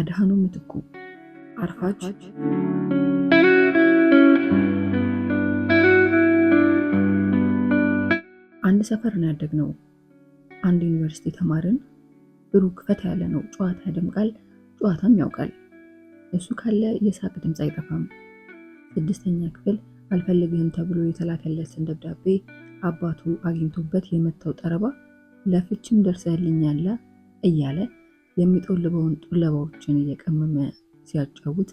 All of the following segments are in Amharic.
አድሃኖ ምትኩ አርፋች አንድ ሰፈር ነው ያደግነው። አንድ ዩኒቨርሲቲ ተማርን። ብሩክ ፈታ ያለ ነው። ጨዋታ ያደምቃል፣ ጨዋታም ያውቃል። እሱ ካለ የሳቅ ድምፅ አይጠፋም። ስድስተኛ ክፍል አልፈልግህም ተብሎ የተላከለትን ደብዳቤ አባቱ አግኝቶበት የመታው ጠረባ ለፍችም ደርሰህልኛል እያለ የሚጠልበውን ጡለባዎችን እየቀመመ ሲያጫውት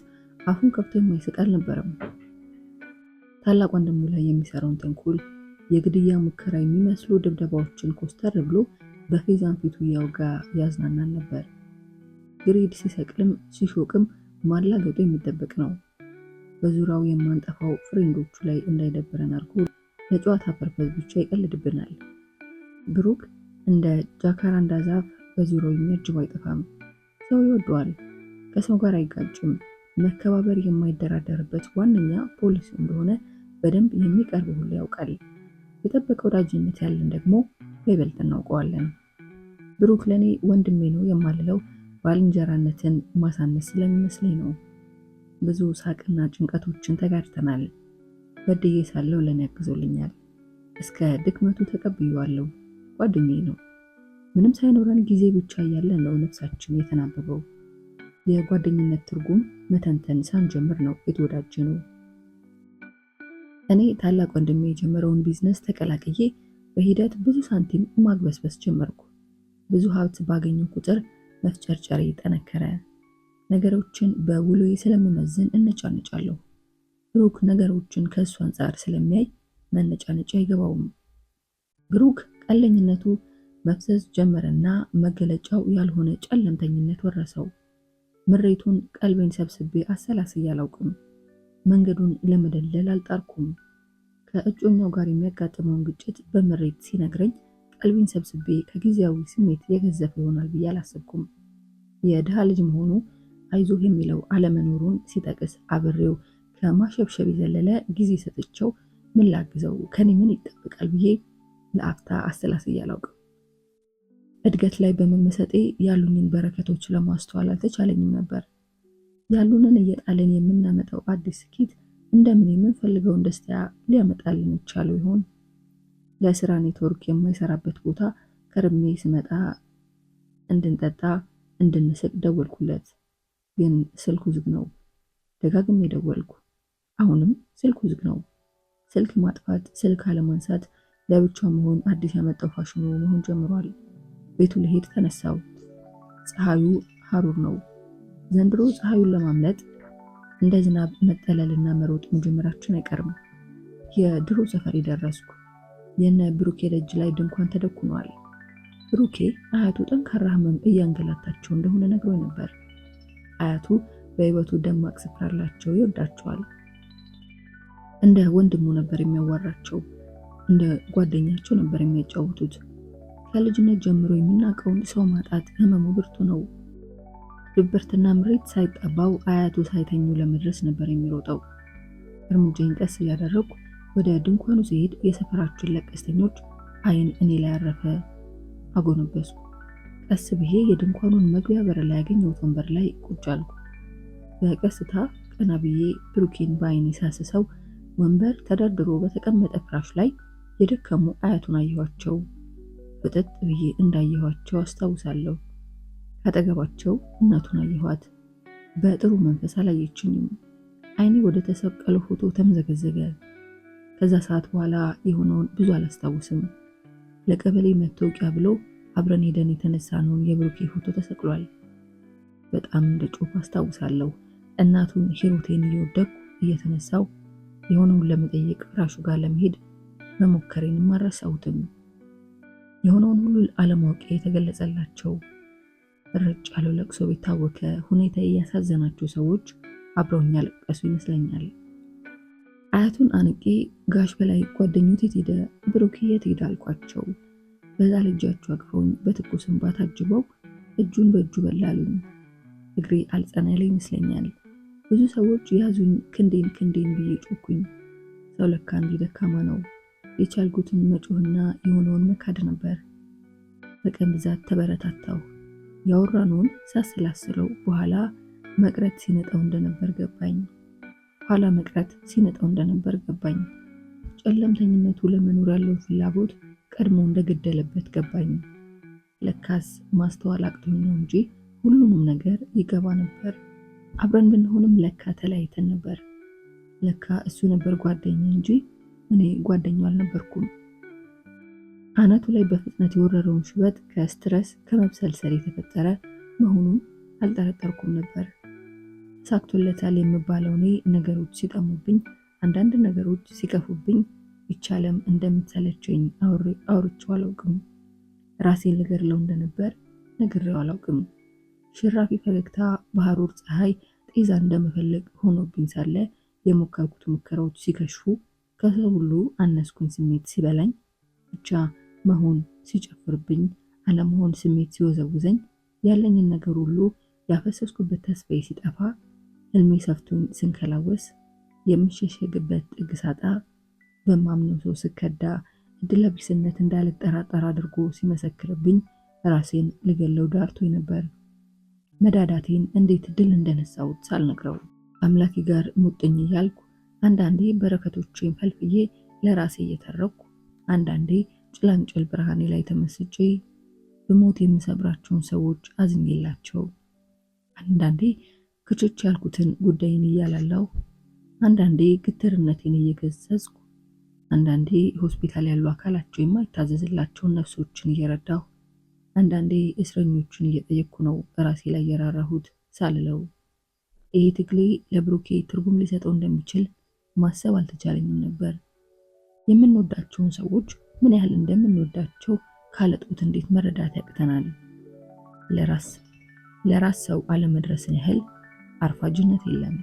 አፉን ከፍቶ የማይስቅ አልነበረም። ታላቅ ወንድሙ ላይ የሚሰራውን ተንኮል፣ የግድያ ሙከራ የሚመስሉ ድብደባዎችን ኮስተር ብሎ በፌዛን ፊቱ እያወጋ ያዝናናል ነበር። ግሬድ ሲሰቅልም ሲሾቅም ማላገጡ የሚጠበቅ ነው። በዙሪያው የማንጠፋው ፍሬንዶቹ ላይ እንዳይደብረን አድርጎ ለጨዋታ ፐርፐዝ ብቻ ይቀልድብናል። ብሩክ እንደ ጃካራንዳ ዛፍ በዙሪያው የሚያጅቡ አይጠፋም። ሰው ይወደዋል፣ ከሰው ጋር አይጋጭም። መከባበር የማይደራደርበት ዋነኛ ፖሊሲ እንደሆነ በደንብ የሚቀርብ ሁሉ ያውቃል። የጠበቀ ወዳጅነት ያለን ደግሞ በይበልጥ እናውቀዋለን። ብሩክ ለእኔ ወንድሜ ነው የማልለው ባልንጀራነትን ማሳነስ ስለሚመስለኝ ነው። ብዙ ሳቅና ጭንቀቶችን ተጋድተናል። በድዬ ሳለው ለእኔ ያግዞልኛል። እስከ ድክመቱ ተቀብዬዋለሁ። ጓደኛዬ ነው። ምንም ሳይኖረን ጊዜ ብቻ እያለ ነው ነፍሳችን የተናበበው። የጓደኝነት ትርጉም መተንተን ሳንጀምር ነው የተወዳጀ ነው። እኔ ታላቅ ወንድሜ የጀመረውን ቢዝነስ ተቀላቅዬ በሂደት ብዙ ሳንቲም ማግበስበስ ጀመርኩ። ብዙ ሀብት ባገኘው ቁጥር መፍጨርጨር ጠነከረ። ነገሮችን በውሎዬ ስለምመዝን እነጫነጫለሁ። ብሩክ ነገሮችን ከእሱ አንጻር ስለሚያይ መነጫነጫ አይገባውም። ብሩክ ቀለኝነቱ መፍሰስ ጀመረና መገለጫው ያልሆነ ጨለምተኝነት ወረሰው። ምሬቱን ቀልቤን ሰብስቤ አሰላስዬ አላውቅም። መንገዱን ለመደለል አልጣርኩም። ከእጮኛው ጋር የሚያጋጥመውን ግጭት በምሬት ሲነግረኝ ቀልቤን ሰብስቤ ከጊዜያዊ ስሜት የገዘፈ ይሆናል ብዬ አላሰብኩም። የድሃ ልጅ መሆኑ አይዞህ የሚለው አለመኖሩን ሲጠቅስ አብሬው ከማሸብሸብ የዘለለ ጊዜ ሰጥቼው ምን ላግዘው፣ ከኔ ምን ይጠብቃል ብዬ ለአፍታ አሰላስዬ አላውቅም። እድገት ላይ በመመሰጤ ያሉኝን በረከቶች ለማስተዋል አልተቻለኝም ነበር። ያሉንን እየጣልን የምናመጣው አዲስ ስኬት እንደምን የምንፈልገውን ደስታ ሊያመጣልን ይቻለው ይሆን? ለስራ ኔትወርክ የማይሰራበት ቦታ ከርሜ ስመጣ እንድንጠጣ እንድንስቅ ደወልኩለት፣ ግን ስልኩ ዝግ ነው። ደጋግሜ ደወልኩ፣ አሁንም ስልኩ ዝግ ነው። ስልክ ማጥፋት፣ ስልክ አለማንሳት፣ ለብቻ መሆን አዲስ ያመጣው ፋሽኑ መሆን ጀምሯል። ቤቱ ልሄድ ተነሳው። ፀሐዩ ሐሩር ነው። ዘንድሮ ፀሐዩን ለማምለጥ እንደ ዝናብ መጠለልና መሮጥ መጀመራችን አይቀርም። የድሮ ሰፈር የደረስኩ የነ ብሩኬ ደጅ ላይ ድንኳን ተደኩኗል። ብሩኬ አያቱ ጠንካራ ህመም እያንገላታቸው እንደሆነ ነግሮ ነበር። አያቱ በህይወቱ ደማቅ ስፍራ አላቸው፣ ይወዳቸዋል። እንደ ወንድሙ ነበር የሚያዋራቸው፣ እንደ ጓደኛቸው ነበር የሚያጫውቱት። ከልጅነት ጀምሮ የምናውቀውን ሰው ማጣት ህመሙ ብርቱ ነው። ድብርትና ምሬት ሳይጠባው አያቱ ሳይተኙ ለመድረስ ነበር የሚሮጠው። እርምጃን ቀስ እያደረግኩ ወደ ድንኳኑ ሲሄድ የሰፈራችን ለቀስተኞች አይን እኔ ላይ ያረፈ። አጎነበሱ። ቀስ ብዬ የድንኳኑን መግቢያ በር ላይ ያገኘሁት ወንበር ላይ ቁጭ አልኩ። በቀስታ ቀና ብዬ ብሩኬን በአይኔ ሳስሰው ወንበር ተደርድሮ በተቀመጠ ፍራሽ ላይ የደከሙ አያቱን አየኋቸው። ወጠጥ ብዬ እንዳየኋቸው አስታውሳለሁ። ካጠገባቸው እናቱን አየኋት። በጥሩ መንፈስ አላየችኝም። አይኔ ወደ ተሰቀለው ፎቶ ተምዘገዘገ። ከዛ ሰዓት በኋላ የሆነውን ብዙ አላስታውስም። ለቀበሌ መታወቂያ ብሎ አብረን ሄደን የተነሳነውን የብሩኬ ፎቶ ተሰቅሏል። በጣም እንደ ጮፍ አስታውሳለሁ። እናቱን ሂሮቴን እየወደኩ እየተነሳው የሆነውን ለመጠየቅ ፍራሹ ጋር ለመሄድ መሞከሬንም አረሳሁትም። የሆነውን ሁሉ አለማወቅ የተገለጸላቸው ረጭ ያለው ለቅሶ ቤታወከ ሁኔታ እያሳዘናቸው ሰዎች አብረውኝ ያለቀሱ ይመስለኛል። አያቱን አንቄ ጋሽ በላይ ጓደኞት የት ሄደ ብሩክ የት ሄደ አልኳቸው። በዛ ልጃቸው አቅፈውኝ በትኩስ እንባ ታጅበው እጁን በእጁ በላሉኝ። እግሬ አልጸና ያለ ይመስለኛል። ብዙ ሰዎች ያዙኝ። ክንዴን ክንዴን ብዬ ጮኩኝ። ሰው ለካ እንዲህ ደካማ ነው። የቻልኩትን መጮህና የሆነውን መካድ ነበር። በቀን ብዛት ተበረታታው ያወራነውን ሳስላስለው በኋላ መቅረት ሲነጣው እንደነበር ገባኝ። ኋላ መቅረት ሲነጣው እንደነበር ገባኝ። ጨለምተኝነቱ ለመኖር ያለው ፍላጎት ቀድሞ እንደገደለበት ገባኝ። ለካስ ማስተዋል አቅቶኝ ነው እንጂ ሁሉንም ነገር ይገባ ነበር። አብረን ብንሆንም ለካ ተለያይተን ነበር። ለካ እሱ ነበር ጓደኛ እንጂ እኔ ጓደኛው አልነበርኩም። አናቱ ላይ በፍጥነት የወረረውን ሽበት ከስትረስ ከመብሰልሰል የተፈጠረ መሆኑን አልጠረጠርኩም ነበር። ሳክቶለታል የምባለው እኔ ነገሮች ሲጠሙብኝ፣ አንዳንድ ነገሮች ሲከፉብኝ ይቻለም እንደምትሰለቸኝ አውርቼው አላውቅም። ራሴን ልገድለው እንደነበር ነግሬው አላውቅም። ሽራፊ ፈገግታ በሐሩር ፀሐይ ጤዛ እንደመፈለግ ሆኖብኝ ሳለ የሞከርኩት ሙከራዎች ሲከሽፉ ከሰው ሁሉ አነስኩኝ ስሜት ሲበላኝ ብቻ መሆን ሲጨፍርብኝ አለመሆን ስሜት ሲወዘውዘኝ ያለኝን ነገር ሁሉ ያፈሰስኩበት ተስፋዬ ሲጠፋ ህልሜ ሰፍቱን ስንከላወስ የምሸሸግበት ጥግ ሳጣ በማምነው ሰው ስከዳ እድለቢስነት እንዳልጠራጠር አድርጎ ሲመሰክርብኝ ራሴን ልገለው ዳርቶኝ ነበር። መዳዳቴን እንዴት ድል እንደነሳሁት ሳልነግረው አምላኬ ጋር ሙጥኝ እያልኩ አንዳንዴ በረከቶቼን ፈልፍዬ ለራሴ እየተረኩ፣ አንዳንዴ ጭላንጭል ብርሃኔ ላይ ተመስጬ በሞት የምሰብራቸውን ሰዎች አዝኜላቸው፣ አንዳንዴ ክችች ያልኩትን ጉዳይን እያላላው፣ አንዳንዴ ግትርነቴን እየገሰጽኩ፣ አንዳንዴ ሆስፒታል ያሉ አካላቸው የማይታዘዝላቸውን ነፍሶችን እየረዳሁ፣ አንዳንዴ እስረኞችን እየጠየቅኩ ነው በራሴ ላይ የራራሁት ሳልለው። ይሄ ትግሌ ለብሩኬ ትርጉም ሊሰጠው እንደሚችል ማሰብ አልተቻለኝም ነበር። የምንወዳቸውን ሰዎች ምን ያህል እንደምንወዳቸው ካለጡት እንዴት መረዳት ያቅተናል። ለራስ ለራስ ሰው አለመድረስን ያህል አርፋጅነት የለም።